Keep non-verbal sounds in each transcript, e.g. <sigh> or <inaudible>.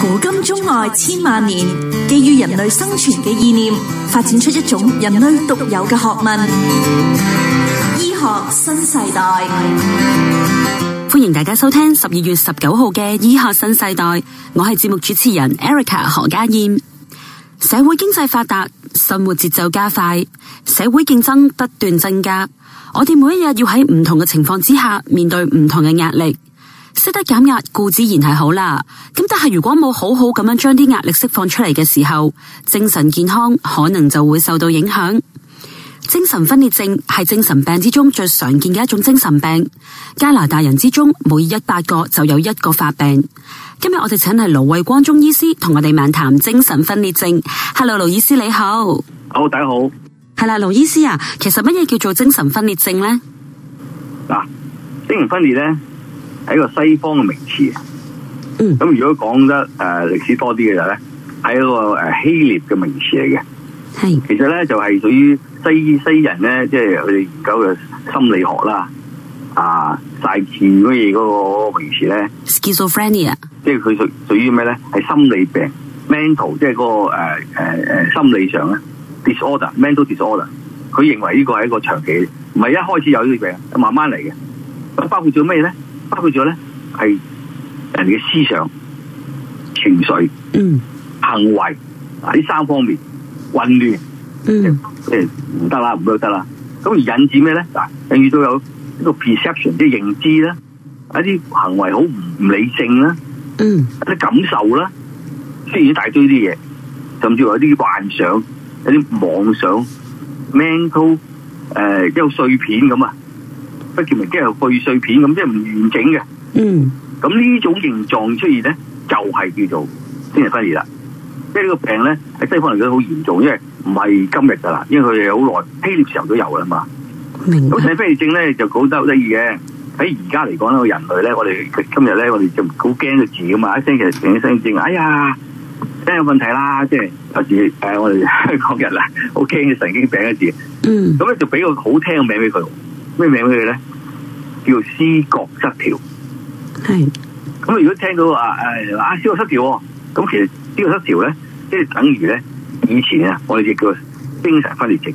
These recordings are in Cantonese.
古今中外千萬年，基於人類生存嘅意念，發展出一種人類獨有嘅學問——醫學新世代。歡迎大家收聽十二月十九號嘅《醫學新世代》，我係節目主持人 Erica 何家燕。社會經濟發達，生活節奏加快，社會競爭不斷增加，我哋每一日要喺唔同嘅情況之下，面對唔同嘅壓力。識得減壓固自然係好啦，咁但係如果冇好好咁樣將啲壓力釋放出嚟嘅時候，精神健康可能就會受到影響。精神分裂症係精神病之中最常見嘅一種精神病，加拿大人之中每一百個就有一個發病。今日我哋請嚟盧衛光中醫師同我哋漫談精神分裂症。Hello，盧醫師你好。Hello，大家好。係啦，盧醫師啊，其實乜嘢叫做精神分裂症呢？嗱、啊，精神分裂呢。係一個西方嘅名詞啊，咁、嗯、如果講得誒歷史多啲嘅就咧，係一個誒希臘嘅名詞嚟嘅。係是其實咧就係屬於西西人咧，即係佢哋研究嘅心理學啦，啊曬字嗰嘢嗰個名詞咧，schizophrenia，即係佢屬屬於咩咧？係心理病，mental，即係嗰個誒誒、呃、心理上咧，disorder，mental disorder，佢認為呢個係一個長期，唔係一開始有呢啲病，慢慢嚟嘅，咁包括咗咩咧？包括咗咧，係人嘅思想、情緒、嗯、行為喺三方面混亂，即係唔得啦，唔都得啦。咁而引致咩咧？嗱例如都有呢個 perception 即係認知啦，一啲行為好唔理性啦，嗯、有一啲感受啦，即係一大堆啲嘢，甚至乎有啲幻想、有啲妄想、mental 誒、呃，一啲碎片咁啊。叫明，即係碎碎片咁，即係唔完整嘅。嗯。咁呢種形狀出現咧，就係、是、叫做精神分裂啦。即係呢個病咧喺西方嚟講好嚴重，因為唔係今日噶啦，因為佢哋好耐，希臘時候都有噶嘛。明。咁精神分裂症咧就講得好得意嘅。喺而家嚟講咧，個人類咧，我哋今日咧，我哋就好驚呢字啊嘛。一星期醒一症，哎呀，真有問題啦。即係有時誒，我哋香港人啊，好驚嘅神經病嘅字。嗯。咁咧就俾個好聽嘅名俾佢，咩名俾佢咧？叫思覺失調，係咁是。如果聽到話誒、呃、啊思覺失調，咁其實思覺失調咧，即係等於咧以前啊，我哋亦叫精神分裂症，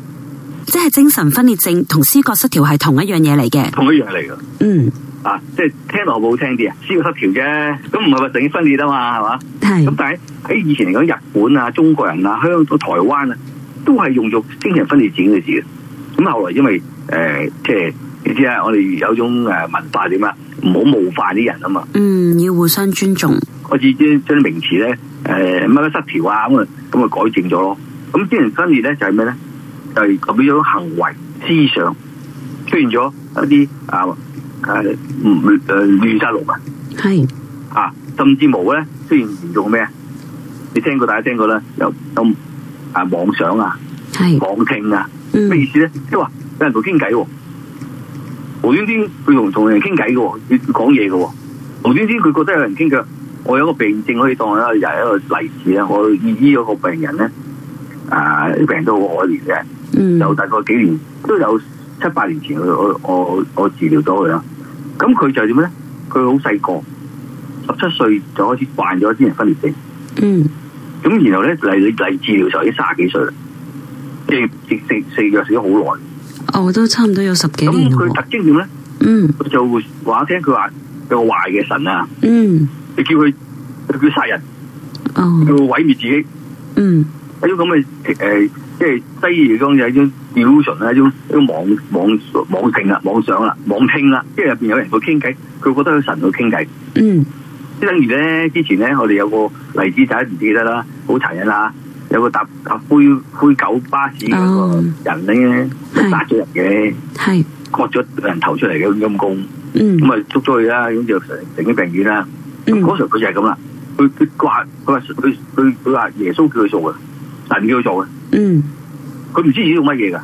即係精神分裂症同思覺失調係同一樣嘢嚟嘅，同一樣嚟嘅。嗯啊，即係聽落好聽啲啊，思覺失調啫，咁唔係話等於分裂啊嘛，係嘛，係咁是。但喺喺以前嚟講，日本啊、中國人啊、香港、台灣啊，都係用作精神分裂症呢個字嘅。咁後來因為誒、呃，即係。你知啊？我哋有一種誒文化點啊？唔好冒犯啲人啊嘛。嗯，要互相尊重。我似啲將啲名詞咧，誒乜乜失調啊，咁啊咁啊，改正咗咯。咁之前分裂咧，就係咩咧？就係後邊有種行為思想出現咗一啲啊，誒，亂誒亂殺龍啊。係啊，啊，是啊，甚至無咧，出現嚴重咩啊？你聽過，大家聽過啦。有咁啊妄想啊，妄聽啊，咩、嗯、意思咧？即係話有人同傾偈喎。無端端佢同同人傾偈嘅，佢講嘢嘅。無端端佢覺得有人傾嘅，我有個病症可以當啊又係一個例子咧。我二姨嗰個病人咧，啊啲病都好可憐嘅。嗯，由大概幾年都有七八年前，我我我治療咗佢啦。咁佢就係點咧？佢好細個，十七歲就開始患咗精神分裂症。嗯，咁然後咧嚟嚟治療就已經卅幾歲啦，即係食食食藥食咗好耐。我、哦、都差唔多有十幾年。咁佢特徵點咧？嗯，佢就話聽佢話有個壞嘅神啊，嗯，你叫佢佢殺人，哦，佢毀滅自己。嗯，一種咁嘅誒，即係西爾講有一種 delusion 啦，一種一種妄妄妄性啦，妄想啦，妄聽啦，即係入邊有人去傾偈，佢覺得佢神去傾偈。嗯，即係等於咧，之前咧，我哋有個例子大家唔記得啦，好殘忍啦。有個搭搭灰灰狗巴士嘅人咧，殺咗、哦、人嘅，是割咗人頭出嚟嘅陰公，咁咪、嗯、捉咗佢啦，咁就成成間病院啦。嗰時佢就係咁啦，佢佢話佢話佢佢佢話耶穌叫佢做嘅，神叫佢做嘅，嗯佢唔知自己做乜嘢噶。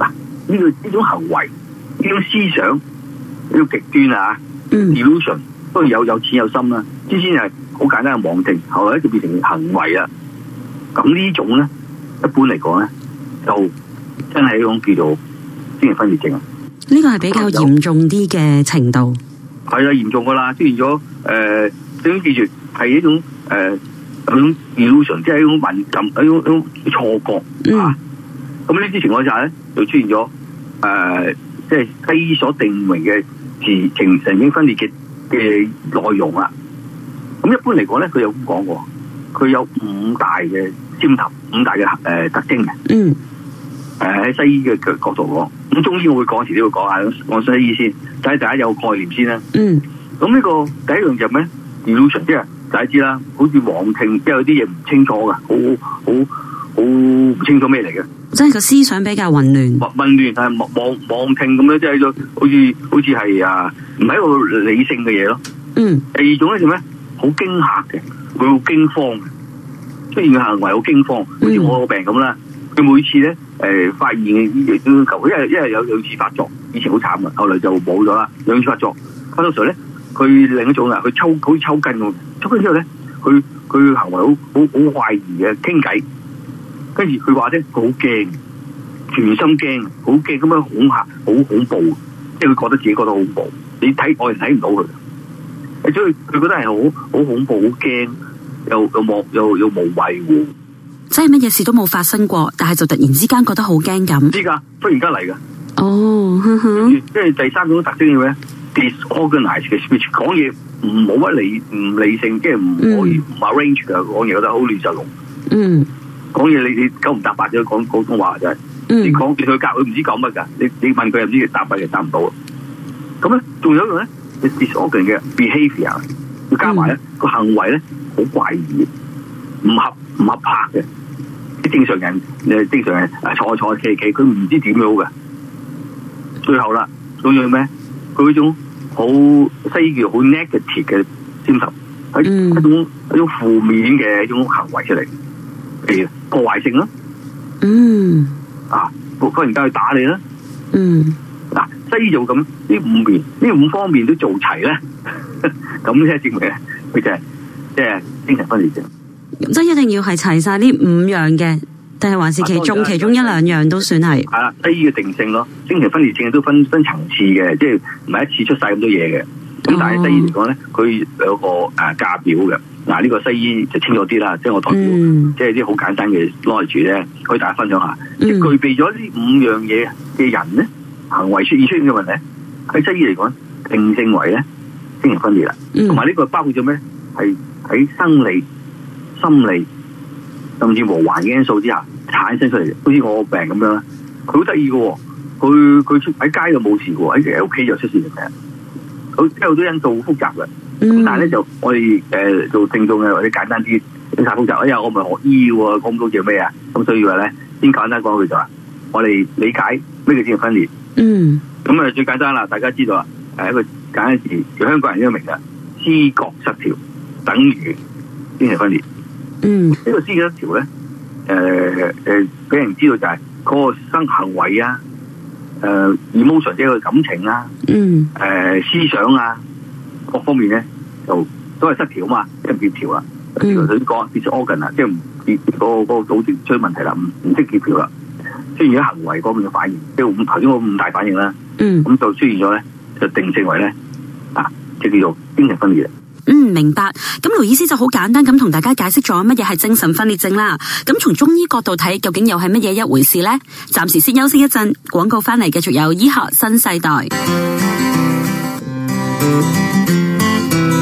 嗱，呢個呢種行為，呢種思想，呢種極端啊，Delusion 都係有有淺有深啦。之前係好簡單嘅妄情，後來一直變成行為啊。咁呢種咧，一般嚟講咧，就真係一種叫做精神分裂症啊。呢個係比較嚴重啲嘅程度。係啊、嗯，嚴重噶啦，出現咗誒，點、呃、樣記住係一種誒，嗰、呃、種尿常，即係一種敏感，一種一種錯覺啊。咁、嗯、呢啲情況下咧，就出現咗誒，即係非所定名嘅自情神經分裂嘅嘅內容啊。咁一般嚟講咧，佢有咁講過，佢有五大嘅。尖頭五大嘅誒特徵嘅，嗯，誒喺、呃、西醫嘅角角度講，咁中醫我會講時都要講下，講西醫先，睇下大家有概念先啦。嗯，咁呢個第一樣就咩？Delusion，即係大家知啦，好似妄聽，即係有啲嘢唔清楚嘅，好好好唔清楚咩嚟嘅，即係個思想比較混亂，混混亂係妄聽咁樣，即係、就是、好似好似係唔係一個理性嘅嘢咯。嗯，第二種咧就咩？好驚吓嘅，好驚慌嘅。出現行為好驚慌，好似我個病咁啦。佢每次咧，誒、呃、發現亦都，因為因為有兩次發作，以前好慘噶，後來就冇咗啦。兩次發作，很多時候咧，佢另一種啊，佢抽好似抽筋喎，抽筋之後咧，佢佢行為好好好懷疑嘅傾偈，跟住佢話咧，佢好驚，全心驚，好驚咁樣恐嚇，好恐怖，即係佢覺得自己覺得好恐怖。你睇，我人睇唔到佢。所以佢覺得係好好恐怖，好驚。又又，又，又無又又無維護，真係乜嘢事都冇發生過，但係就突然之間覺得好驚咁。依家忽然間嚟噶，哦、oh，即係第三個特徵係咩？disorganized speech，講嘢唔冇乜理，唔理性，即係唔會 arrange 噶，講嘢、嗯、覺得好亂就龍。嗯，講嘢你你九唔搭八，仲要講普通話真係。你講佢夾佢唔知講乜噶，你你問佢又唔知答乜，又答唔到。咁咧，仲有一樣咧，disorganized behavior，要加埋咧個行為咧。好怪異，唔合唔合拍嘅，啲正常人你正常人坐坐企企，佢唔知點樣嘅。最後啦，仲有咩？佢嗰種好西藥，好 negative 嘅滲透，喺一種一種負面嘅一種行為出嚟，譬如破壞性啦，嗯，啊，忽、mm. 啊、然間去打你啦、啊，嗯、mm.，嗱，西藥咁呢五面呢五方面都做齊咧，咁咧證明，佢就係。即係精神分裂症，咁即係一定要係齊晒呢五樣嘅，定係還是其中是其中一兩樣都算係？係啦，西醫嘅定性咯，精神分裂症都分分層次嘅，即係唔係一次出晒咁多嘢嘅。咁、哦、但係第二嚟講咧，佢有個誒價、啊、表嘅。嗱、這、呢個西醫就清楚啲啦，即、就、係、是、我代即係啲好簡單嘅 knowledge 咧，可以大家分享下。嗯、具備咗呢五樣嘢嘅人咧，行為出現嘅問題，喺西醫嚟講，定性為咧精神分裂啦。同埋呢個包括咗咩？係喺生理、心理甚至和環境因素之下產生出嚟，好似我病咁樣咧，佢好得意嘅，佢佢出喺街度冇事嘅喎，喺喺屋 k 就出事嘅。咁都有好多因素複雜嘅，但係咧就我哋誒做正中嘅或者簡單啲嘅查複雜。哎呀，我唔係學醫嘅，講唔到叫咩啊。咁所以話咧，先簡單講佢就，我哋理解咩叫精神分裂。嗯，咁啊最簡單啦，大家知道啊，係一個簡單字，其香港人應該明嘅，知覺失調。等於精神分裂。嗯，呢個先有一條咧，誒、呃、誒，俾、呃呃、人知道就係嗰個生行為啊，誒、呃、emotion 即係個感情啊，嗯，誒、呃、思想啊，各方面咧就都係失調嘛，即係唔協調啦。嗯，佢講 disorgan 啊，即係唔結嗰個個組織出問題啦，唔唔識協調啦。出現咗行為嗰邊嘅反應，即係頭先我五大反應啦。嗯，咁就出現咗咧，就定性為咧，啊，即係叫做精神分裂。嗯，明白。咁盧醫師就好簡單咁同大家解釋咗乜嘢係精神分裂症啦。咁從中醫角度睇，究竟又係乜嘢一回事呢？暫時先休息一陣，廣告翻嚟繼續有醫學新世代。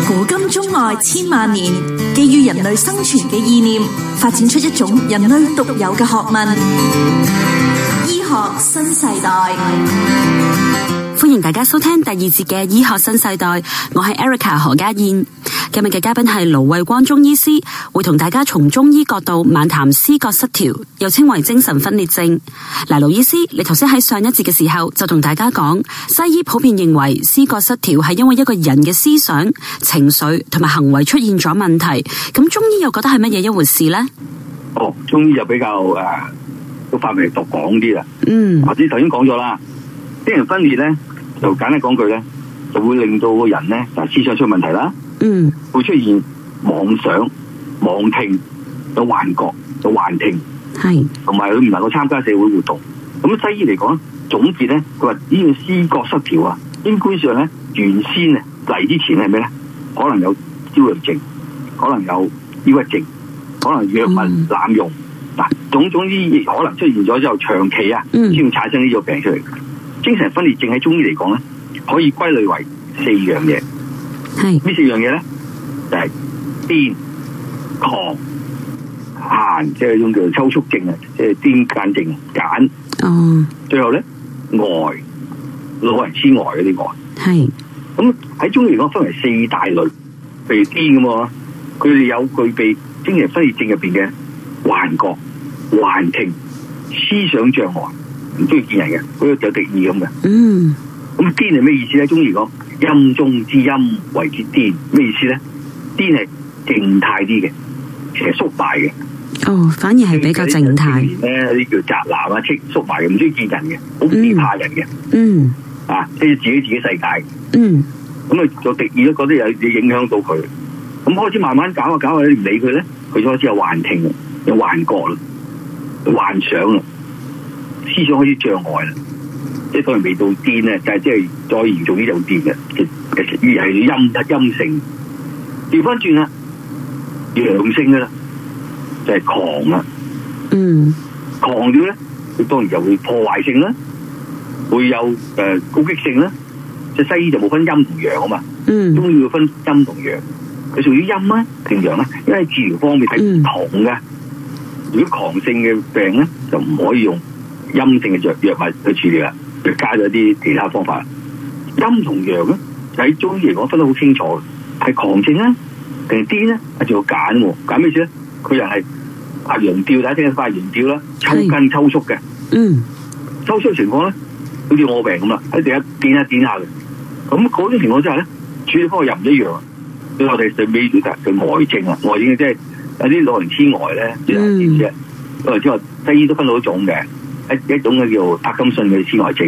古今中外千萬年，基於人類生存嘅意念，發展出一種人類獨有嘅學問——醫學新世代。歡迎大家收聽第二節嘅醫學新世代，我係 Erica 何家燕。今日嘅嘉賓係盧衛光中醫師，會同大家從中醫角度漫談思覺失調，又稱為精神分裂症。嗱，盧醫師，你頭先喺上一節嘅時候就同大家講，西醫普遍認為思覺失調係因為一個人嘅思想、情緒同埋行為出現咗問題，咁中醫又覺得係乜嘢一回事咧？哦，中醫就比較誒個範圍就廣啲啦。嗯，我啲頭先講咗啦。精神分裂咧，就簡單講句咧，就會令到個人咧就思想出問題啦。嗯，會出現妄想、妄聽、有幻覺、有幻聽。係同埋佢唔能夠參加社會活動。咁西醫嚟講，總結咧，佢話呢個思覺失調啊，因觀上咧原先啊嚟之前係咩咧？可能有焦慮症，可能有抑鬱症，可能藥物濫用。嗱、嗯，總總之，可能出現咗之後，長期啊先會產生呢種病出嚟。精神分裂症喺中醫嚟講咧，可以歸類為四樣嘢。係呢是四樣嘢咧，就係、是、癲狂癇，即係一種叫做抽搐症啊，即係癲癇症。癇、就是、哦，最後咧呆，老人痴呆嗰啲呆。係咁喺中醫嚟講，分為四大類，譬如癲㗎嘛。佢哋有具備精神分裂症入邊嘅幻覺、幻聽、思想障礙。唔中意見人嘅，好似有敵意咁嘅。嗯，咁癲係咩意思咧？中意講陰中之陰為之癲，咩意思咧？癲係靜態啲嘅，其實縮埋嘅。哦，反而係比較靜態。呢啲叫宅男啊，即係縮埋嘅，唔中意見人嘅，好怕人嘅。嗯，啊，即係自己自己世界。嗯，咁啊，有敵意都覺得有影響到，有影響到佢。咁開始慢慢搞下搞下你唔理佢咧，佢開始有幻聽，有幻覺啦，幻想啦。思想開始障礙啦，即係當然未到癲咧，但係即係再嚴重啲就癲嘅，其實係陰陰性調翻轉啦，陽性嘅啦，就係狂啦。嗯，狂咗咧，佢當然就會破壞性啦，會有誒、呃、攻擊性啦。即係西醫就冇分陰同陽啊嘛，嗯，中醫會分陰同陽，佢屬於陰啊定陽啊，因為治療方面係唔同嘅。嗯、如果狂性嘅病咧，就唔可以用。陰性嘅藥藥物去處理啦，就加咗啲其他方法。陰同陽咧喺中醫嚟講分得好清楚，係狂症咧、啊，定癲咧，仲要揀揀咩先咧？佢又係羊吊，睇下先羊吊啦，抽筋抽搐嘅。嗯，抽搐嘅情況咧，好似我病咁啦，喺地下癲下癲下嘅。咁嗰種情況之下咧，處理方法又唔一樣啊。所以我哋最尾就就外症啊，外症即係有啲老人痴呆咧，點啫、嗯？因為即係西醫都分到一種嘅。一一種咧叫帕金遜嘅痴呆症，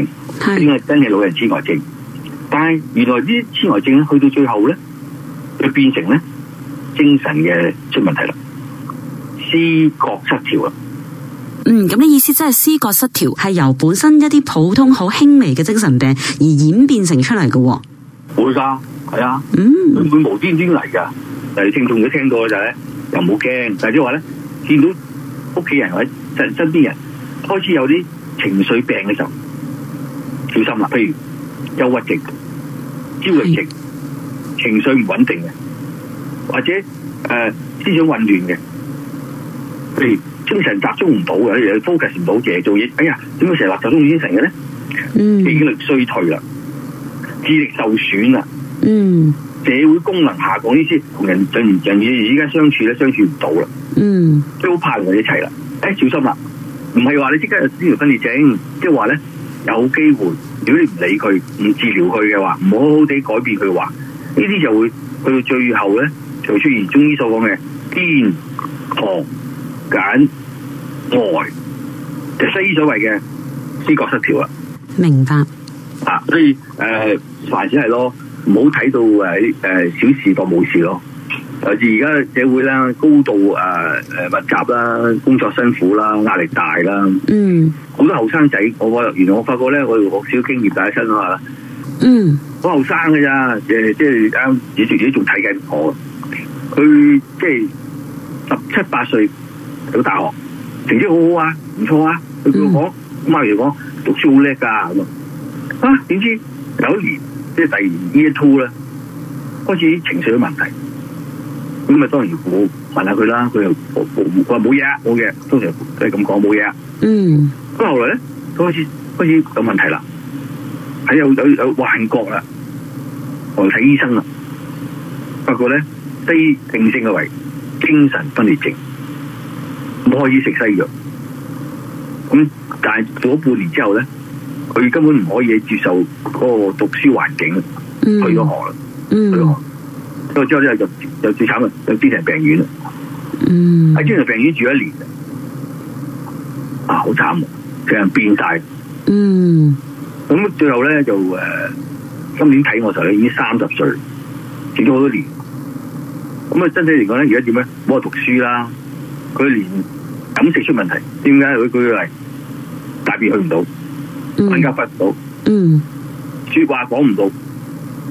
應該係是真係老人痴呆症。但係原來啲痴呆症咧，去到最後咧，佢變成咧精神嘅出問題啦，思覺失調啦。嗯，咁你意思即係思覺失調係由本身一啲普通好輕微嘅精神病而演變成出嚟嘅。會噶，係啊。嗯，會唔會無端端嚟噶。嗱，你聽眾都聽到,聽到就係、是，又冇驚，就係即係話咧，見到屋企人或者身身邊人。開始有啲情緒病嘅時候，小心啦、啊！譬如憂鬱症、焦慮症、是情緒唔穩定嘅，或者誒、呃、思想混亂嘅，譬如精神集中唔到嘅，譬如 focus 唔到嘢做嘢。哎呀，點解成日鬧到東亂西成嘅咧？嗯，精力衰退啦，智力受損啦，嗯，社會功能下降呢啲，同人同人而家相處咧相處唔到啦，嗯，都好怕同佢一齊啦。誒、欸，小心啦、啊！唔係話你即刻有精神分裂症，即係話咧，有機會。如果你唔理佢，唔治療佢嘅話，唔好好地改變佢嘅話，呢啲就會去到最後咧，就會出現中醫所講嘅癲狂、簡呆，就西、是、醫所謂嘅思覺失調啦。明白啊？所以誒，凡事係咯，唔好睇到誒誒小事當冇事咯。而家社會啦，高度誒誒密集啦，工作辛苦啦，壓力大啦。嗯，好多後生仔，我原來我發覺咧，我學少經驗帶起身啊。嗯，好後生嘅咋？誒，即係啱以前自己仲睇緊我，佢即係十七八歲讀大學，成績好好啊，唔錯啊。佢叫我講，媽咪講讀書好叻噶。咁啊，點、啊、知有一年即係第二 year two 咧，開始情緒嘅問題。咁咪當然我問下佢啦，佢又我我話冇嘢，冇嘢，當時佢係咁講冇嘢。沒嗯，咁後來咧，佢開始開始有問題啦，喺有有有幻覺啦，我睇醫生啦。不過咧，非定性嘅為，精神分裂症，唔可以食西藥。咁但係做咗半年之後咧，佢根本唔可以接受嗰個讀書環境了，退咗學啦，退之後咧就就最慘啊，就之前病院啦，嗯，喺精神病院住了一年，啊好慘，成日變晒，嗯，咁最後咧就誒、呃，今年睇我時候已經三十歲，住咗好多年，咁啊身體嚟講咧，而家點咧？冇讀書啦，佢連飲食出問題，點解佢佢嚟大便去唔到，更加瞓唔到，嗯，不嗯書掛講唔到。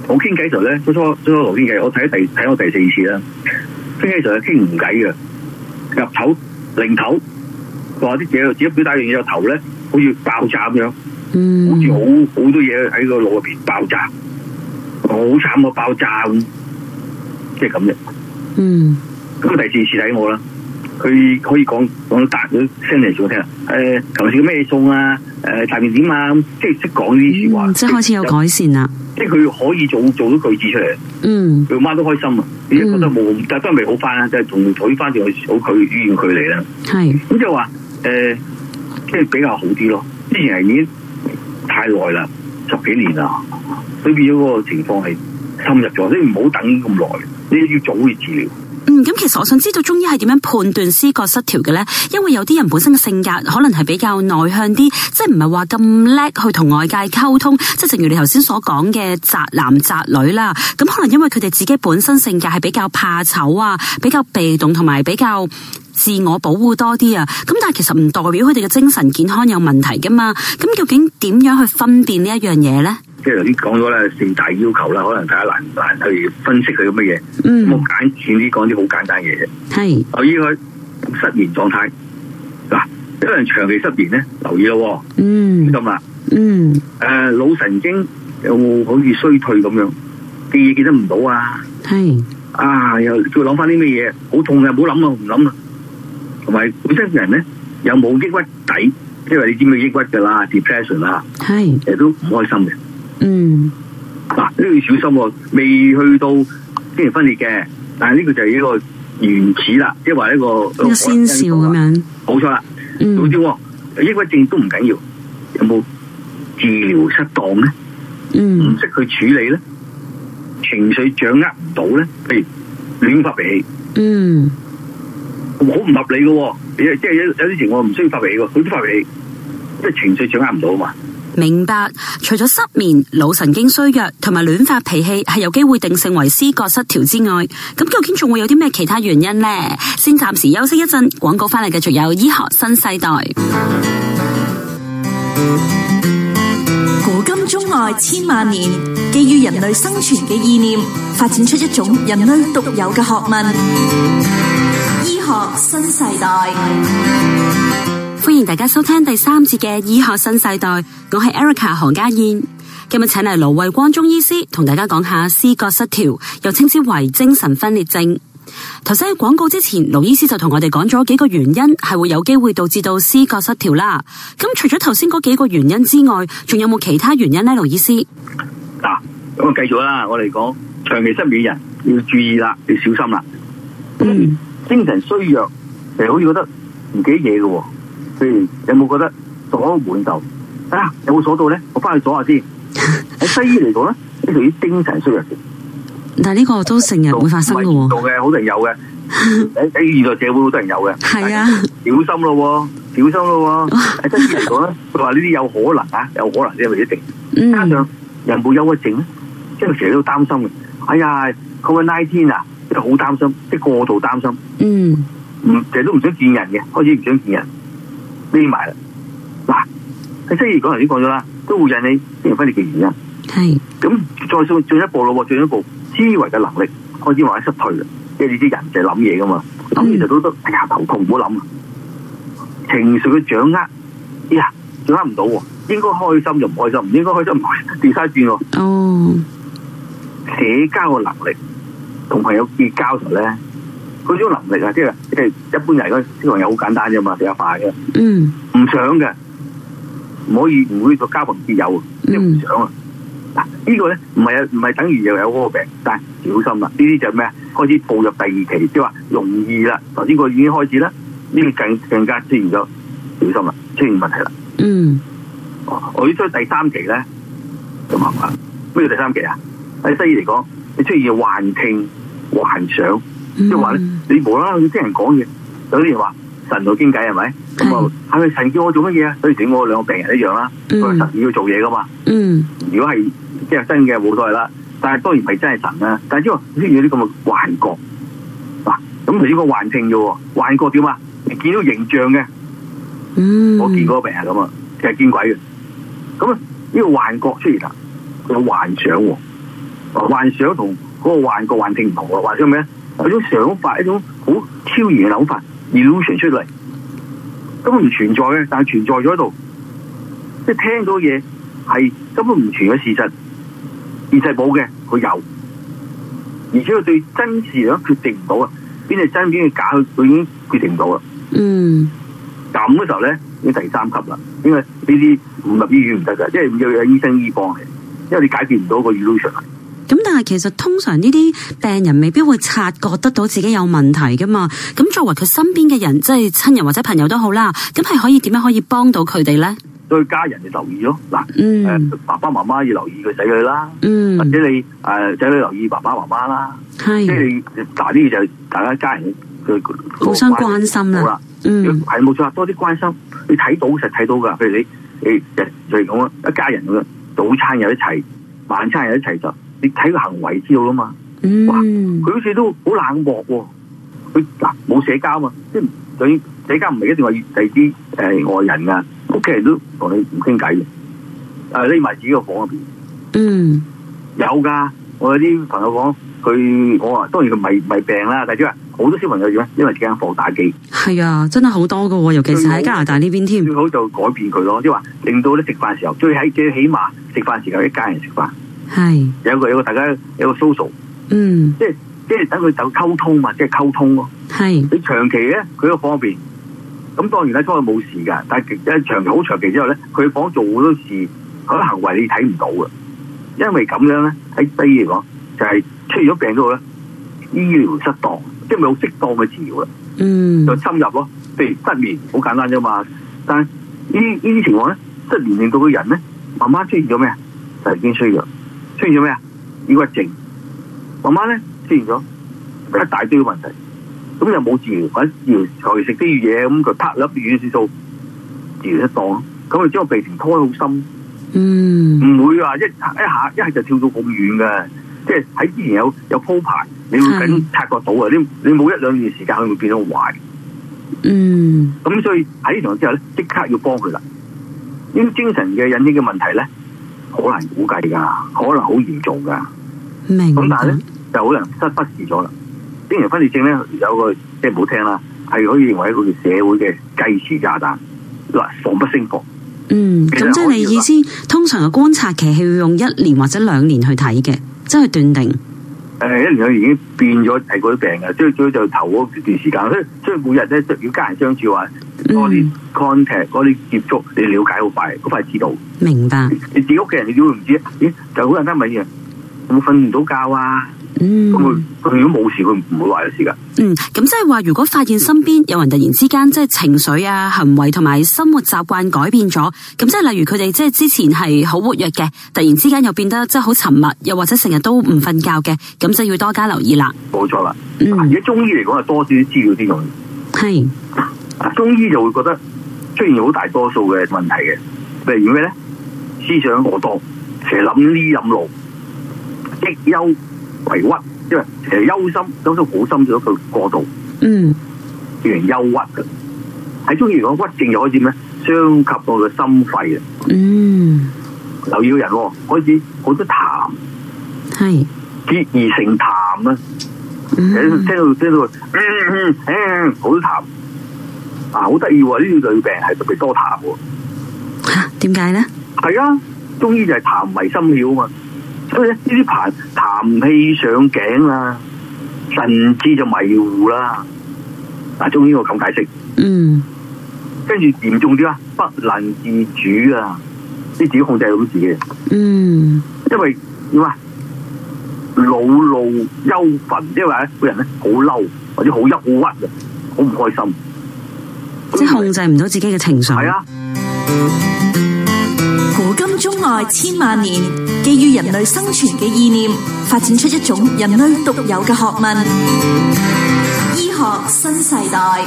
我傾偈時咧，初初羅傾偈，我睇第睇我第四次啦。傾偈時咧傾唔偈嘅，入頭零頭，話啲嘢，只要表達完嘢有頭咧，好似爆炸咁樣，嗯、好似好好多嘢喺個腦入邊爆炸，好慘個爆炸咁，即係咁嘅。嗯，咁第四次睇我啦，佢可以講講大啲聲嚟聽下。誒、呃，頭先咩餸啊？誒、呃，大便點啊？即係識講呢啲說話，嗯、即係開始有改善啦。即係佢可以做做到句子出嚟，佢媽、嗯、都開心啊！而且覺得冇，但係都係未好翻啦，即係仲取翻去好佢醫院佢嚟啦。係是，咁就話誒，即係比較好啲咯。之前係已經太耐啦，十幾年啦，所以變咗個情況係深入咗。你唔好等咁耐，你要早去治療。嗯，咁其實我想知道中醫係點樣判斷思覺失調嘅咧？因為有啲人本身嘅性格可能係比較內向啲，即係唔係話咁叻去同外界溝通，即係正如你頭先所講嘅宅男宅女啦。咁可能因為佢哋自己本身性格係比較怕醜啊，比較被動同埋比較自我保護多啲啊。咁但係其實唔代表佢哋嘅精神健康有問題噶嘛。咁究竟點樣去分辨呢一樣嘢咧？即係啲講咗啦，了四大要求啦，可能大家難難去分析佢乜嘢。嗯，我簡淺啲講啲好簡單嘅嘢。係是，我依佢失眠狀態嗱、啊，有人長期失眠咧，留意咯。嗯，咁啊。嗯，誒、呃，腦神經又有冇好似衰退咁樣，記嘢記得唔到啊。係是，啊又再諗翻啲咩嘢，好痛嘅，唔好諗啊，唔諗啊。同埋、啊、本身人咧有冇抑鬱底？因為你知唔知抑鬱噶啦，depression 啦是，係，誒都唔開心嘅。嗯，嗱呢、啊這個要小心、哦，未去到精神分裂嘅，但係呢個就係一個原始啦，即係話一個、呃、先兆咁樣，冇錯啦，好啲、嗯、抑鬱症都唔緊要，有冇治療失當咧？嗯，唔識去處理咧，情緒掌握唔到咧，譬如亂發脾氣，嗯，好唔合理㗎、哦，即、就、係、是、有有啲情況我唔需要發脾氣，佢都發脾氣，即係情緒掌握唔到啊嘛。明白，除咗失眠、腦神經衰弱同埋亂發脾氣係有機會定性為思覺失調之外，咁究竟仲會有啲咩其他原因呢？先暫時休息一陣，廣告翻嚟繼續，仲有醫學新世代。古今中外千萬年，基於人類生存嘅意念，發展出一種人類獨有嘅學問——醫學新世代。歡迎大家收聽第三節嘅醫學新世代，我係 Erica 韓家燕，今日請嚟盧衛光中醫師同大家講下思覺失調，又稱之為精神分裂症。頭先喺廣告之前，盧醫師就同我哋講咗幾個原因係會有機會導致到思覺失調啦。咁除咗頭先嗰幾個原因之外，仲有冇其他原因呢？盧醫師嗱，咁我繼續啦，我嚟講，長期失眠嘅人要注意啦，要小心啦。嗯，精神衰弱，誒，好似覺得唔記得嘢嘅。嗯，有冇覺得鎖門就啊？有冇鎖到咧？我翻去鎖下先。喺西醫嚟講咧，呢條啲精神衰弱嘅。但係呢個都成日會發生嘅。做嘅，好多人有嘅。喺喺現代社會，好多人有嘅。係啊，小心咯，小心咯。喺 <laughs> 西醫嚟講咧，佢話呢啲有可能啊，有可能，呢唔係一定。加上人冇憂鬱症咧，即係成日都擔心嘅。哎呀，佢個 COVID-19 啊，即係好擔心，即係過度擔心。嗯。唔成日都唔想見人嘅，開始唔想見人。匿埋啦，嗱，你雖然講頭先講咗啦，都會引起精神分裂嘅原因。係是，咁再進一步咯，進一步思維嘅能力開始或者衰退啦。即係你啲人就諗嘢噶嘛，諗完就都得，哎呀頭痛，唔好諗。情緒嘅掌握，呀、哎、掌握唔到，應該開心就唔開心，唔應該開心唔開心，跌晒轉。轉哦，社交嘅能力，同朋友結交嘅時咧。嗰種能力啊，即係即係一般人嗰小朋友好簡單啫嘛，比較快嘅，唔、嗯、想嘅，唔可以唔會做交朋結友，即唔、嗯、想啊。嗱、這個、呢個咧唔係唔係等於又有嗰個病，但係小心啦。呢啲就咩啊？開始步入第二期，即係話容易啦。嗱，呢個已經開始啦，呢個更更加出現咗小心啦，出現問題啦。嗯，我要、哦、出第三期咧，咁唔同啦。咩叫第三期啊？喺西醫嚟講，你出現幻聽、幻想。即係話咧，嗯、你無啦啦要聽人講嘢，有啲人話神同佢傾偈係咪？咁啊，係咪是神叫我做乜嘢啊？所以整我兩個病人一樣啦。佢、嗯、神要做嘢噶嘛？嗯、如果係即係真嘅，冇所謂啦，但係當然唔係真係神啦。但係即係出現啲咁嘅幻覺嗱，咁你呢個幻聽啫，幻覺點啊？你見到形象嘅，嗯、我見嗰個病人咁啊，就係見鬼嘅。咁啊，呢個幻覺出現啦，佢有幻想，幻想環境同嗰個幻覺幻聽唔同啊！幻想咩？有 <noise> 種想法，一種好超然嘅諗法，illusion <noise> 出嚟，根本唔存在嘅，但係存在咗喺度，即係聽到嘢係根本唔存在嘅事實，現世冇嘅，佢有，而且佢對真事咧決定唔到啊，邊係真邊係假，佢已經決定唔到啦。嗯，咁時候咧已經第三級啦，因為呢啲唔入醫院唔得噶，因為要有醫生醫幫嘅，因為你解決唔到個 illusion。其實通常呢啲病人未必會察覺得到自己有問題噶嘛，咁作為佢身邊嘅人，即係親人或者朋友都好啦，咁係可以點樣可以幫到佢哋咧？對家人要留意咯，嗱、嗯，誒、啊，爸爸媽媽要留意佢仔女啦，嗯、或者你誒仔女留意爸爸媽媽啦，係，即係嗱呢啲就大家家人嘅互相關心啦，嗯，係冇錯，多啲關心，你睇到實睇到噶，譬如你你就係咁啊，一家人咁樣早餐又一齊，晚餐又一齊就。你睇個行為知道啦嘛，哇，佢、嗯、好似都好冷漠喎、哦，佢嗱冇社交嘛，即、就、係、是、社交唔係一定話要第啲誒外人,人啊，屋企人都同你唔傾偈嘅，匿埋自己個房入邊。嗯，有噶，我有啲朋友講，佢我話當然佢唔係唔係病啦，但係點好多小朋友點啊，因為一間房打機。係啊，真係好多噶，尤其是喺加拿大呢邊添。最好就改變佢咯，即係話令到咧食飯時時候最起最起碼食飯時時候一家人食飯。係是有一個，有個大家有個 social，嗯，即係即係等佢就溝通嘛，即係溝通咯。係是你長期咧，佢都方便。咁當然咧，都係冇事噶。但係一長期好長期之後咧，佢可能做好多事，佢多行為你睇唔到噶。因為咁樣咧，喺第二講就係、是、出現咗病嗰度咧，醫療失當，即係咪好適當嘅治療啦。嗯，就深入咯，譬如失眠，好簡單啫嘛。但係呢呢啲情況咧，即係年齡到嘅人咧，慢慢出現咗咩啊？就係變衰弱出現咗咩啊？抑鬱症，慢慢咧出現咗一大堆嘅問題，咁又冇治療，揾藥，再食啲嘢，咁佢拍一粒軟指數，治咗一檔，咁啊將肥情拖好深，嗯，唔會話一一下一下就跳到咁遠嘅，即係喺之前有有鋪排，你會緊察覺到啊，是的 你你冇一兩段時間，佢會變到壞，嗯，咁所以喺呢場之後咧，即刻要幫佢啦，呢啲精神嘅引起嘅問題咧。好難估計噶，可能好嚴重噶。明白，但係咧就可能失忽視咗啦。精神分裂症咧有個即係唔好聽啦，係可以認為係佢哋社會嘅計時炸彈，嗱防不勝防。嗯，咁、嗯、即係你意思，通常嘅觀察期係要用一年或者兩年去睇嘅，即係斷定。誒一年兩年已經變咗係嗰啲病嘅，最最多就頭嗰段時間，所以所以每日咧都要家人相處話嗰啲 contact、嗰啲接觸，你瞭解好快，好快知道。明白。你自己屋企人，你點會唔知？咦，就好簡單問嘢，有冇瞓唔到覺啊！嗯，咁佢如果冇事，佢唔會話有事㗎。嗯，咁即係話，如果發現身邊有人突然之間即係情緒啊、行為同埋生活習慣改變咗，咁即係例如佢哋即係之前係好活躍嘅，突然之間又變得即係好沉默，又或者成日都唔瞓覺嘅，咁就要多加留意啦。冇錯啦，如、嗯、果、嗯、中醫嚟講係多啲資料啲用，係是中醫就會覺得出現好大多數嘅問題嘅，譬如咩咧？思想過多，多，成日諗呢諗路，積憂。抑鬱，因為誒憂心，憂心好深咗，佢過度，嗯，叫人憂鬱嘅。喺中醫如果鬱症又可以點咧？傷及到佢心肺啊，嗯，又要人開始好多痰，係是結而成痰啦。嗯、聽到聽到，嗯嗯嗯，好痰，啊、多痰啊，好得意喎，呢女病係特別多痰喎。吓，點解咧？係啊，中醫就係痰迷心竅啊嘛。所以呢啲痰、痰氣上頸啊，甚至就迷糊啦。嗱，中醫我咁解釋。嗯。跟住嚴重啲啊，不能自主啊，你自己控制到自己。嗯，因老老憂憤。因為點啊？惱怒憂憤，即係話個人咧好嬲，或者好憂好鬱好唔開心。即係控制唔到自己嘅情緒。係啊。古今中外千萬年，基於人類生存嘅意念，發展出一種人類獨有嘅學問——醫學新世代。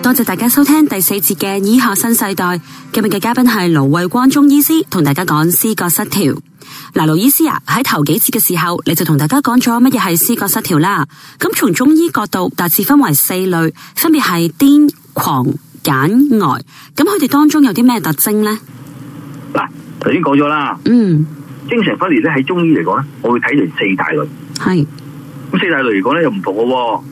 多謝大家收聽第四節嘅《醫學新世代》。今日嘅嘉賓係盧衛光中醫師，同大家講思覺失調。嗱，盧醫師啊，喺頭幾節嘅時候，你就同大家講咗乜嘢係思覺失調啦。咁從中醫角度大致分為四類，分別係癲狂簡呆。咁佢哋當中有啲咩特徵呢？嗱，頭先講咗啦，嗯，精神分裂咧喺中醫嚟講咧，我會睇成四大類，係是，咁四大類嚟講咧又唔同嘅，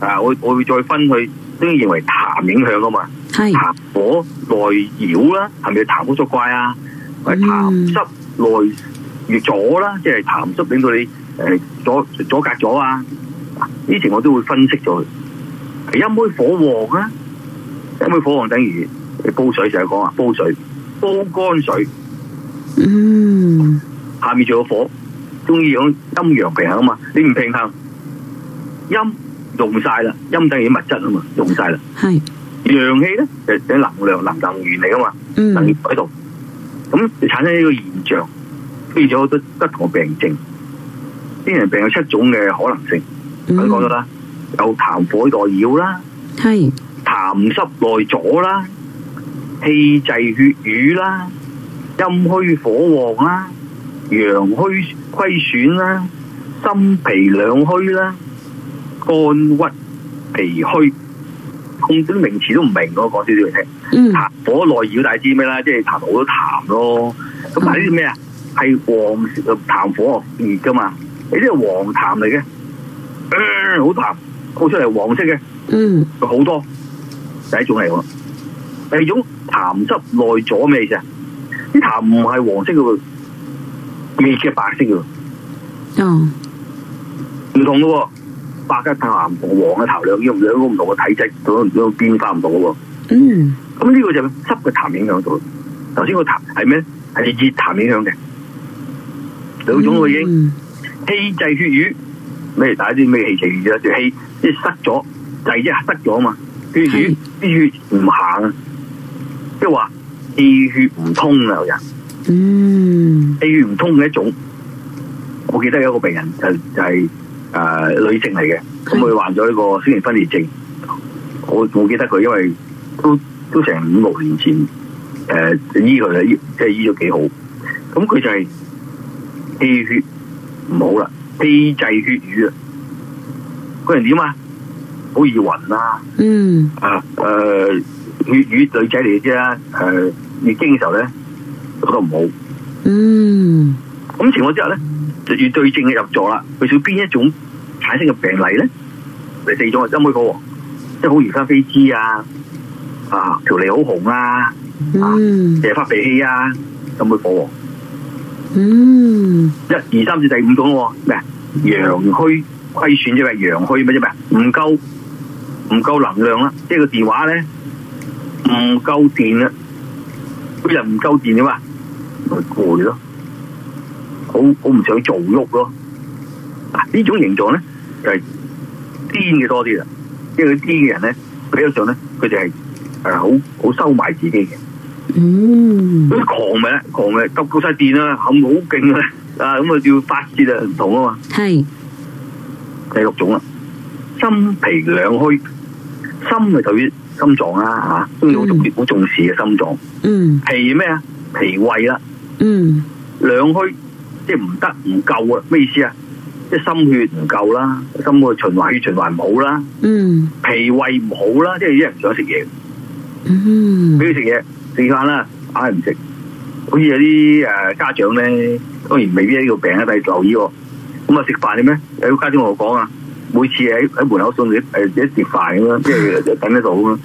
啊，我我會再分去，中醫認為痰影響啊嘛，係是，痰火內擾啦，係咪痰火作怪啊？係痰濕內鬱阻啦，即係痰濕令到你誒阻阻隔咗啊，呢前我都會分析咗，佢，陰虛火旺啊，陰虛火旺等於煲水成日講啊，煲水。多乾水，嗯，下面仲有火，中醫講陰陽平衡啊嘛，你唔平衡，陰用晒啦，陰等於物質啊嘛，用晒啦，係，陽氣咧就係能量，能量源嚟啊嘛，嗯，喺度，咁就產生呢個現象，變咗好多不同病症，啲人病有七種嘅可能性，佢講咗啦，有痰火內擾啦，係，痰濕內阻啦。氣滯血瘀啦，陰虛火旺啦，陽虛虧損啦，心脾兩虛啦，肝鬱脾虛，控啲名詞都唔明，我講少少嚟聽。嗯，痰火內擾，大啲咩啦？即係痰好多痰咯，咁係啲咩啊？係黃痰火熱噶嘛？你啲係黃痰嚟嘅，好痰，冒出嚟黃色嘅，嗯，好多，第一種嚟，第二種。痰濕內阻咩意思？啲痰唔係黃色嘅，未係白色嘅。哦，唔同嘅喎，白嘅痰同黃嘅痰兩樣，兩個唔同嘅體質，仲有變化唔同喎。嗯，咁、嗯、呢個就係濕嘅痰影響到。頭先個痰係咩？係熱痰影響嘅，兩種都已經氣滯血瘀，咩？大家知咩氣滯？氣、就、啲、是、塞咗滯即係塞咗嘛？啲血啲血唔行。是即係話氣血唔通啊，個人，氣、嗯、血唔通嘅一種。我記得有一個病人就是、就係、是、誒、呃、女性嚟嘅，咁佢的患咗呢個精神分裂症。我我記得佢因為都都成五六年前誒醫佢啦，即係醫咗幾好。咁佢就係氣血唔好啦，氣滯血瘀啊。嗰人點啊？好易暈啦。嗯。啊誒。粵語女仔嚟嘅啫，誒月經嘅時候咧，覺得唔好。嗯，咁情況之下咧，就要對症嘅入座啦。佢屬於邊一種產生嘅病例咧？第四種啊，陰虛火旺，即係好易生飛滋啊，啊條脷好紅啊，啊成日發脾氣啊，陰虛火旺。嗯，一、二、三至第五種喎，咩陽虛虧損即係？陽虛咩？啫咩？唔夠唔夠能量啦，即係個電話咧。唔夠電啊！佢又唔夠電啊嘛，咪攰咯，好好唔想做喐咯。嗱呢種形狀咧，就係癲嘅多啲啦。因為佢癲嘅人咧，比較上咧，佢就係誒好好收埋自己嘅。嗯，嗰啲狂咪咧，狂咪，夠晒電啦，冚好勁呀，啊咁啊要發泄啊，唔同啊嘛。係第六種啦，心脾兩虛，心啊就屬於心臟啦，吓，都要好重好重視嘅心臟。嗯，脾咩啊？脾胃啦。嗯，兩虛即係唔得唔夠啊？咩意思啊？即係心血唔夠啦，心嘅循環血循環冇啦。嗯，脾胃唔好啦，啊，即係啲人唔想食嘢。嗯，俾佢食嘢食飯啦，硬係唔食。好似有啲誒家長咧，當然未必呢個病啊，但係留意喎。咁啊食飯嘅咩？有家長同我講啊。每次喺喺門口送你誒一碟飯咁樣，即係等得到啦。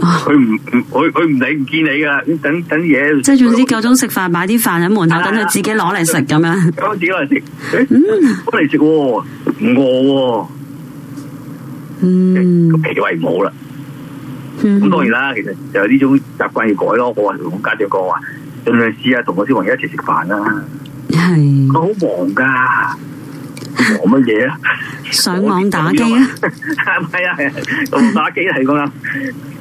佢唔佢佢唔理唔見你噶，等等嘢。即係總之夠鐘食飯，擺啲飯喺門口等佢自己攞嚟食咁樣。攞自己嚟食，誒，攞嚟食，唔餓，嗯，脾胃唔好啦。咁當然啦，其實就有呢種習慣要改咯。我話我家姐講話，盡量試下同個小朋友一齊食飯啦。係，佢好忙噶。冇乜嘢啊？上網打機啊？係 <laughs> 啊，咁打機係咁啦。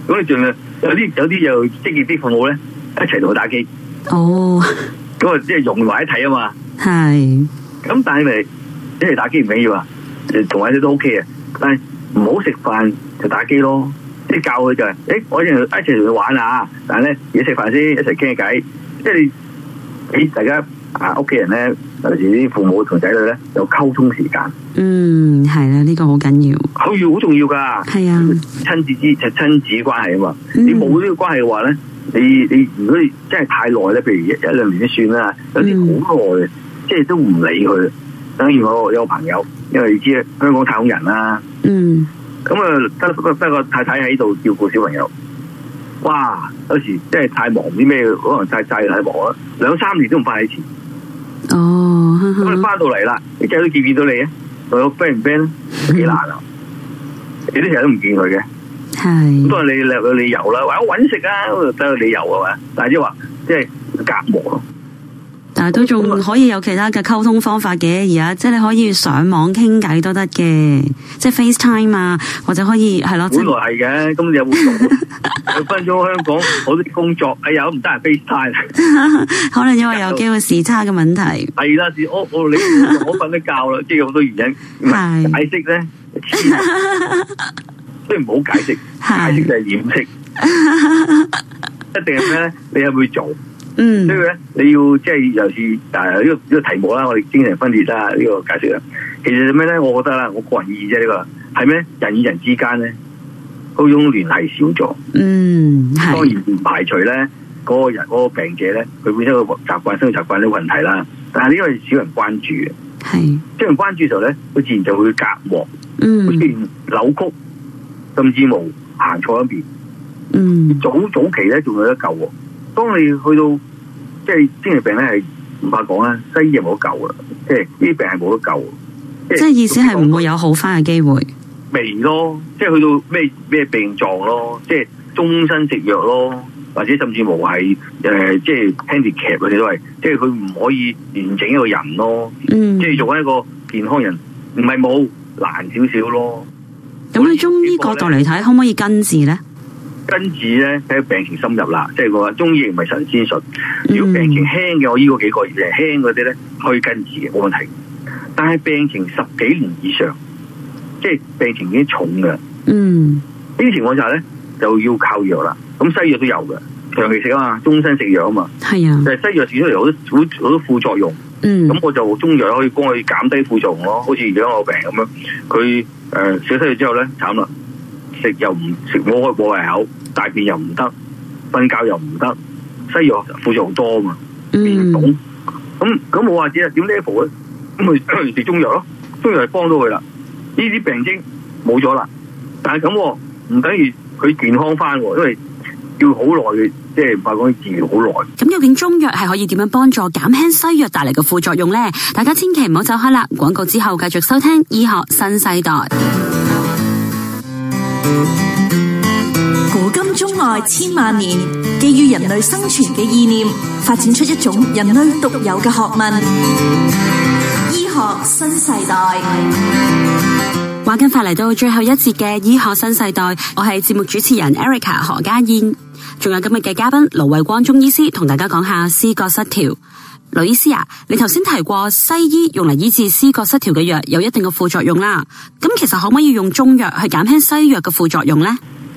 咁你盡量，有啲有啲又職業啲父母咧，一齊同佢打機。哦，咁啊，即係融埋一睇啊嘛。係是。咁但係，咪一齊打機唔緊要啊，同位啲都 OK 啊。但係唔好食飯就打機咯。即係教佢就係，誒、欸，我一齊一齊同佢玩啊！但係咧，你食飯先，一齊傾下偈，即係俾大家啊，屋企人咧。尤其是啲父母同仔女咧有溝通時間，嗯，係啦，呢、這個好緊要，好要好重要噶，係啊的，親子之就親子關係啊嘛，嗯、你冇呢個關係嘅話咧，你你如果真係太耐咧，譬如一兩兩年就算啦，有啲好耐即係都唔理佢。等於我有個朋友，因為你知香港太空人啦、啊，嗯，咁啊得得個太太喺度照顧小朋友，哇，有時即係太忙啲咩？可能太太太忙啦，兩三年都唔翻一次。哦，咁你翻到嚟啦，嗯、你真係都見唔見到你啊？我 friend 唔 friend？幾難啊！你成日都唔見佢嘅，係都係你有理由啦。話我搵食啊，都有理由啊嘛。但係即係話即係隔膜咯。就是都仲可以有其他嘅溝通方法嘅，而家即係你可以上網傾偈都得嘅，即係 FaceTime 啊，或者可以係咯，本來係嘅，咁你有冇做，又 <laughs> 分咗香港好多工作，哎呀，唔得係 FaceTime <laughs> 可能因為有機會時差嘅問題，係啦， <laughs> 我我你我瞓得覺啦，即係好多原因，因解釋咧，黐， <laughs> 所以唔好解釋，解釋就係掩飾， <laughs> 一定係咩咧？你又會做？嗯，所以咧，你要即係尤其是誒呢、呃這個呢、這個題目啦，我哋精神分裂啦呢、這個解釋啦。其實咩咧？我覺得啦，我個人意見啫呢個係咩？人與人之間咧，嗰種聯繫少咗。嗯，當然唔排除咧，嗰、那個人嗰、那個病者咧，佢本身個習慣、生活習慣啲問題啦。但係呢個少人關注嘅，係少是人關注嘅時候咧，佢自然就會隔膜，嗯，會自然扭曲，甚至無行錯一邊。嗯，早早期咧仲有得救。當你去到即係精神病咧，係唔怕講啦，西醫係冇得救啦，即係呢啲病係冇得救。即係意思係唔會有好翻嘅機會？未咯，即係去到咩咩病狀咯，即係終身食藥咯，或者甚至乎係誒，即係 handicap 啲都係，即係佢唔可以完整一個人咯。嗯、即係作為一個健康人，唔係冇難少少咯。咁喺、嗯、中醫角度嚟睇，可唔可以根治咧？根治咧喺病情深入啦，即係佢話中醫唔係神仙術。如果病情輕嘅，嗯、我呢個幾個月輕輕嗰啲咧可以根治嘅，冇問題。但係病情十幾年以上，即係病情已經重嘅，嗯，情況下呢啲情況就係咧就要靠藥啦。咁西藥都有嘅，長期食啊嘛，終身食藥啊嘛，係啊。但係西藥食出嚟好多好多副作用，嗯，咁我就中藥可以幫佢減低副作用咯。好似而家我病咁樣，佢誒食西藥之後咧慘啦。慘食又唔食，冇開過胃口，大便又唔得，瞓覺又唔得，西藥副作用多嘛，唔、嗯、懂，咁咁冇話知啊？點 level 咧？咁咪食中藥咯，中藥係幫到佢啦，呢啲病徵冇咗啦，但係咁唔等於佢健康翻，因為要好耐，即係唔係講治療好耐。咁究竟中藥係可以點樣幫助減輕西藥帶嚟嘅副作用咧？大家千祈唔好走開啦，廣告之後繼續收聽《醫學新世代》。古今中外千萬年，基於人類生存嘅意念，發展出一種人類獨有嘅學問——醫學新世代。話緊快嚟到最後一節嘅醫學新世代，我係節目主持人 Erica 何家燕，仲有今日嘅嘉賓盧衛光中醫師，同大家講下思覺失調。醫師啊，你頭先提過西醫用嚟醫治思覺失調嘅藥有一定嘅副作用啦，咁其實可唔可以用中藥去減輕西藥嘅副作用咧？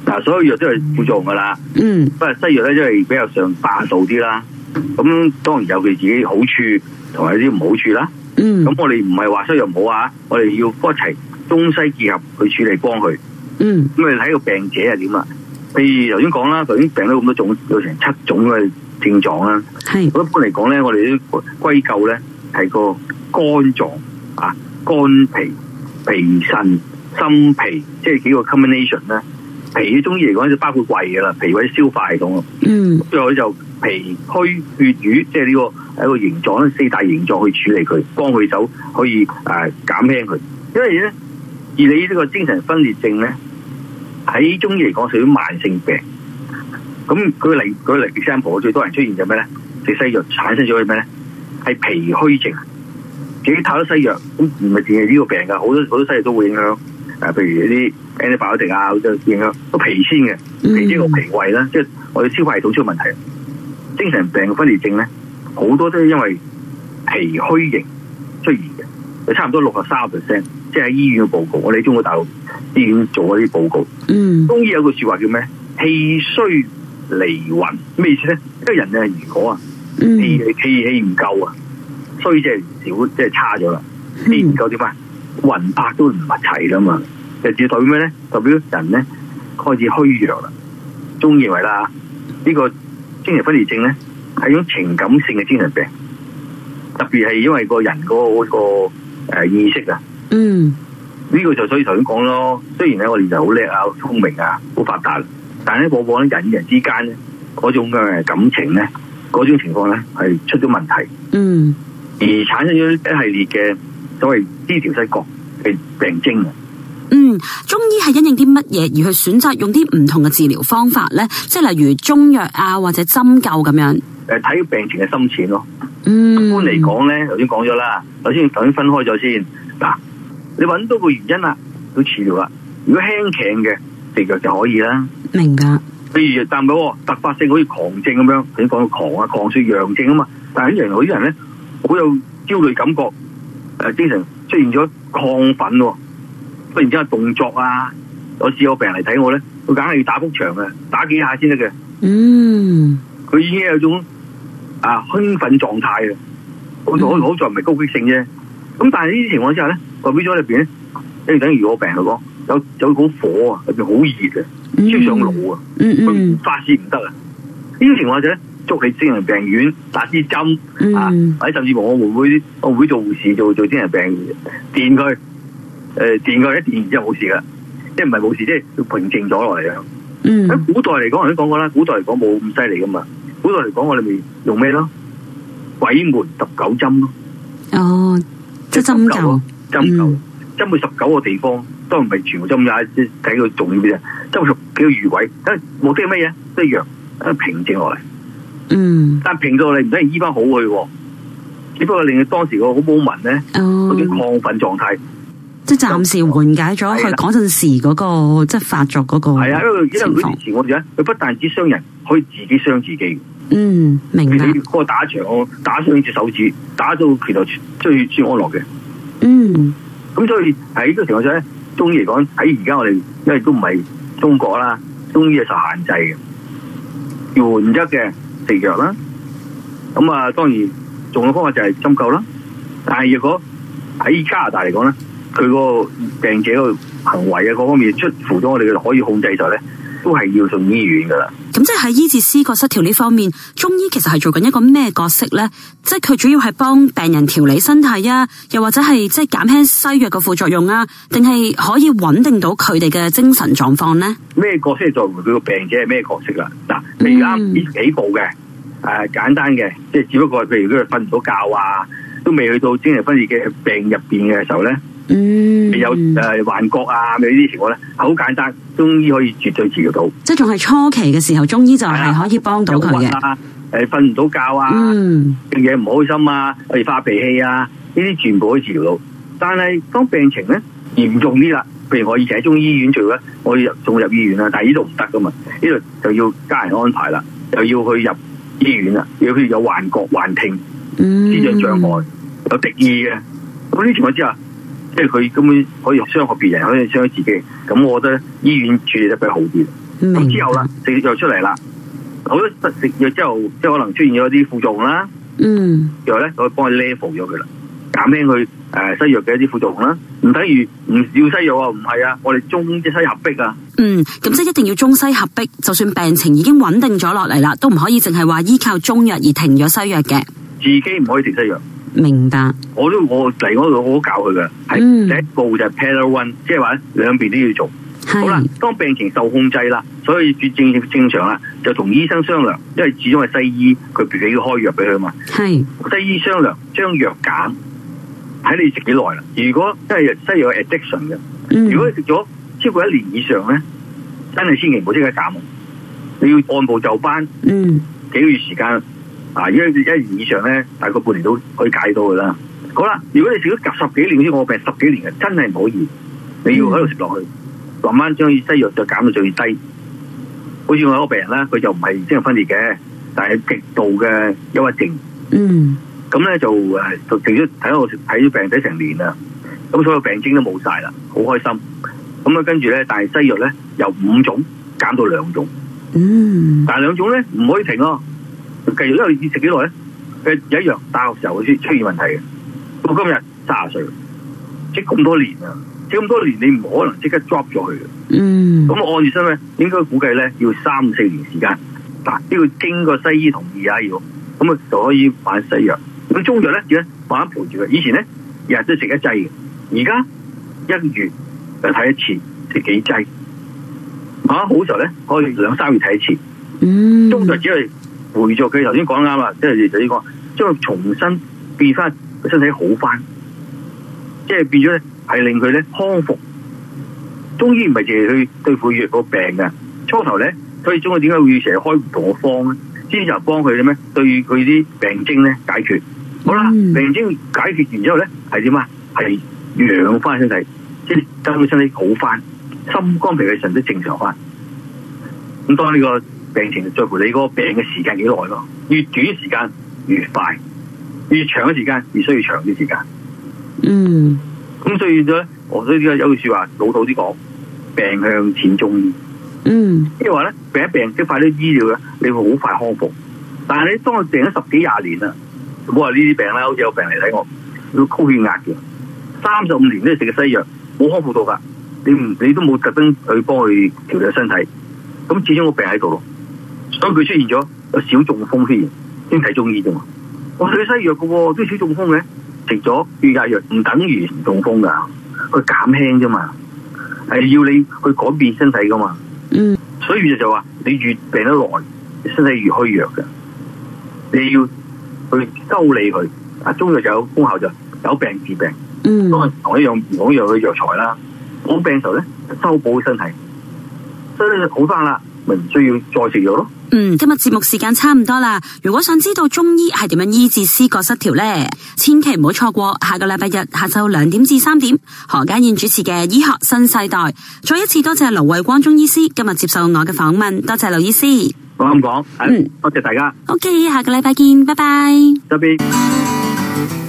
嗱，所有藥都係副作用噶啦，嗯，不過西藥咧因為比較上霸道啲啦，咁當然有佢自己好處同埋啲唔好處啦，嗯，咁我哋唔係話西藥唔好啊，我哋要一齊中西結合去處理幫佢，嗯，咁你睇個病者係點啊，譬如頭先講啦，頭先病咗咁多種，有成七種嘅。症狀啦，係我一般嚟講咧，我哋啲歸咎咧係個肝臟啊、肝脾、脾腎、心脾，即係幾個 combination 咧。脾喺中醫嚟講就包括胃噶啦，脾胃消化系統。嗯，以我就脾虛血瘀，即係呢個係一個形狀咧，四大形狀去處理佢，幫佢走，可以誒減輕佢。因為咧，而你呢個精神分裂症咧，喺中醫嚟講屬於慢性病。咁佢嚟佢嚟，三婆最多人出現係咩咧？食西藥產生咗啲咩咧？係脾虛症，自己太多西藥，咁唔係淨係呢個病噶，好多好多西藥都會影響，誒、啊，譬如啲 antibody 啊，B o D、A, 影響個脾先嘅，脾即係個脾胃啦，即係我哋消化系統出問題。精神病嘅分裂症咧，好多都係因為脾虛型出現嘅，差唔多六十三個 percent，即係喺醫院嘅報告。我哋喺中國大陸醫院做嗰啲報告，中醫有句說話叫咩？氣虛。離魂咩意思咧？因為人咧如果，啊氣氣氣唔夠啊，所以即係少即係差咗啦。氣唔夠點啊？魂魄都唔合齊啦嘛。就代表咩咧？代表人咧開始虛弱啦。仲以為啦？呢、這個精神分裂症咧係種情感性嘅精神病，特別係因為人個人嗰個誒意識啊。嗯，呢個就所以頭先講咯。雖然咧我哋就好叻啊，好聰明啊，好發達。但係咧，往往咧人與人之間咧嗰種嘅感情咧，嗰種情況咧係出咗問題。嗯，而產生咗一系列嘅所謂醫條死角病徵、病病徵。嗯，中醫係因應啲乜嘢而去選擇用啲唔同嘅治療方法咧？即係例如中藥啊，或者針灸咁樣。誒，睇病情嘅深淺咯。嗯，一般嚟講咧，頭先講咗啦，頭先等先分開咗先嗱、啊，你揾到個原因啦，都治療啦。如果輕輕嘅。食藥就可以啦。明白。譬如，但係突發性好似狂症咁樣，你講狂啊，狂算陽症啊嘛。但係啲人，人呢，很有啲人咧，好有焦慮感覺，誒，精神出現咗亢奮。忽然之間動作啊，我試過病人嚟睇我咧，佢梗係要打幅牆嘅，打幾下先得嘅。嗯，佢已經有一種啊興奮狀態嘅。好在好在唔係攻擊性啫。咁但係呢啲情況之下咧，個 V J 入邊咧，即係等於我病嘅咯。有有股火啊！入邊好熱啊，燒、嗯、上腦啊，佢發泄唔得啊。呢種情況就咧，捉你精神病院打支針、嗯、啊，或者甚至乎我會我會做護士做做精神病院電佢誒，電佢一、呃、電完之後冇事噶，即係唔係冇事，即係要平靜咗落嚟咯。喺、嗯、古代嚟講，人都講過啦。古代嚟講冇咁犀利噶嘛。古代嚟講，我哋咪用咩咯？鬼門十九針咯。哦，即係針灸，針灸針去十九個地方。嗯都唔係全部針入，睇佢重要啲啫。即係佢佢淤位，誒，目的係乜嘢？即係讓平靜落嚟。嗯。但平咗落嚟唔等於醫翻好佢，只不過令佢當時個好波紋咧，都幾亢奮狀態。即係暫時緩解咗佢嗰陣時嗰個即係發作嗰個係啊，因為因為佢前我哋咧，佢不但止傷人，可以自己傷自己。嗯，明白。你嗰個打場，我打傷咗隻手指，打到拳頭最穿安樂嘅。嗯。咁所以喺呢個情況下咧。中醫嚟講，喺而家我哋，因為都唔係中國啦，中醫係受限制嘅，要換一嘅食藥啦。咁啊，當然仲有方法就係針灸啦。但係如果喺加拿大嚟講咧，佢個病者個行為啊，各方面出乎咗我哋嘅可以控制就咧，都係要送醫院噶啦。咁即係醫治思覺失調呢方面，中醫其實係做緊一個咩角色咧？即係佢主要係幫病人調理身體啊，又或者係即係減輕西藥嘅副作用啊，定係可以穩定到佢哋嘅精神狀況咧？咩角色作為佢個病者係咩角色啦？嗱、嗯，例如啱呢幾步嘅，誒簡單嘅，即係只不過係譬如如果佢瞓唔到覺啊，都未去到精神分裂嘅病入邊嘅時候咧。嗯，有誒幻覺啊，呢啲情況咧，好簡單，中醫可以絕對治療到。即係仲係初期嘅時候，中醫就係可以幫到佢嘅。誒，瞓唔到覺啊，啲嘢唔開心啊，例如發脾氣啊，呢啲全部可以治療到。但係當病情，咧嚴重啲啦，譬如我以前喺中醫院做咧，我入仲入醫院啦，但係呢度唔得噶嘛，呢度就要家人安排啦，就要去入醫院啦。如果有幻覺、幻聽、視覺障礙、有敵意嘅，咁呢啲情況之下。即係佢根本可以傷害別人，可以傷害自己。咁我覺得咧，醫院處理得比較好啲。咁明白。之後啦，食藥出嚟啦，好多食藥之後，即係可能出現咗一啲副作用啦。嗯，然後咧，我幫佢 level 咗佢啦，減輕佢誒西藥嘅一啲副作用啦。唔等於唔要西藥啊？唔係啊，我哋中西合璧啊。嗯，咁即係一定要中西合璧。就算病情已經穩定咗落嚟啦，都唔可以淨係話依靠中藥而停咗西藥嘅。自己唔可以停西藥。明白，我都我嚟嗰度好好教佢嘅，係第一步就 pair one，即係話兩邊都要做。好啦，當病情受控制啦，所以症正常啦，就同醫生商量，因為始終係西醫，佢俾佢開藥俾佢啊嘛。係，西醫商量將藥減，睇你食幾耐啦。如果即係西藥 addiction 嘅，如果食咗超過一年以上咧，真係千祈唔好即刻減，你要按部就班。嗯，幾個月時間。啊！一一年以上咧，大概半年都可以解到噶啦。好啦，如果你食咗十幾年，似我病十幾年，真係唔可以。你要喺度食落去，慢慢將啲西藥就減到最低。好似我有個病人呢，佢就唔係精神分裂嘅，但係極度嘅憂鬱症。嗯。咁咧就誒，停咗睇我睇咗病睇成年啦，咁所有病徵都冇晒啦，好開心。咁啊，跟住咧，但係西藥咧由五種減到兩種。嗯。但係兩種咧唔可以停咯。繼續咧，要食幾耐咧？佢有一樣，大學時候好似出現問題嘅。到今日卅歲，即咁多年啊！即咁多年，你唔可能即刻 drop 咗佢嘅。嗯、mm。咁、hmm. 我按住身咧，應該估計咧要三四年時間。嗱，呢個經過西醫同意啊，要咁啊，就可以反西藥。咁中藥咧要咧一陪住佢。以前咧日日都食一劑嘅，而家一月就睇一次，食係幾劑。啊，好熟咧，可以兩三月睇一次。嗯、mm。Hmm. 中藥只係。回咗佢頭先講啱啦，即係就呢、呢個將重新變翻，身體好翻，即係變咗咧，係令佢咧康復。中醫唔係淨係去對付藥個病嘅，初頭咧，所以中醫點解會成日開唔同嘅方咧？先就幫佢嘅咩？對佢啲病徵咧解決。好啦，嗯、病徵解決完之後咧，係點啊？係養翻身體，即係將佢身體好翻，心肝脾肺腎都正常翻。咁當呢、呢個。病情在乎你嗰個病嘅時間幾耐咯，越短時間越快，越長嘅時間越需要長啲時間。嗯，咁所以變咗咧，我所以依家有句說話老土啲講，病向淺中醫。嗯，即係話咧，病一病即快啲醫療嘅，你會好快康復。但係你當佢病咗十幾廿年啦，唔好話呢啲病啦，好似有病嚟睇我，要高血壓嘅，三十五年都食西藥，冇康復到噶，你唔你都冇特登去幫佢調理身體，咁始終個病喺度咯。所以佢出現咗有少中風先先睇中醫啫嘛，我、哦、去西藥嘅都少中風嘅，食咗血壓藥唔等於唔中風噶，佢減輕啫嘛，係要你去改變身體噶嘛。嗯，所以就就話你越病得耐，身體越虛弱嘅，你要去修理佢。啊，中藥就有功效就有病治病。嗯，都係同一樣唔同樣嘅藥材啦。我病時候咧修補身體，所以就好翻啦。唔需要再食藥咯。嗯，今日節目時間差唔多啦。如果想知道中醫係點樣醫治思覺失調咧，千祈唔好錯過下個禮拜日下晝兩點至三點何家燕主持嘅《醫學新世代》。再一次多謝劉慧光中醫師今日接受我嘅訪問，多謝劉醫師。好，咁講，嗯，多謝大家。OK，下個禮拜見，拜拜。邊。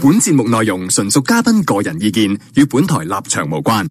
本節目內容純屬嘉賓個人意見，與本台立場無關。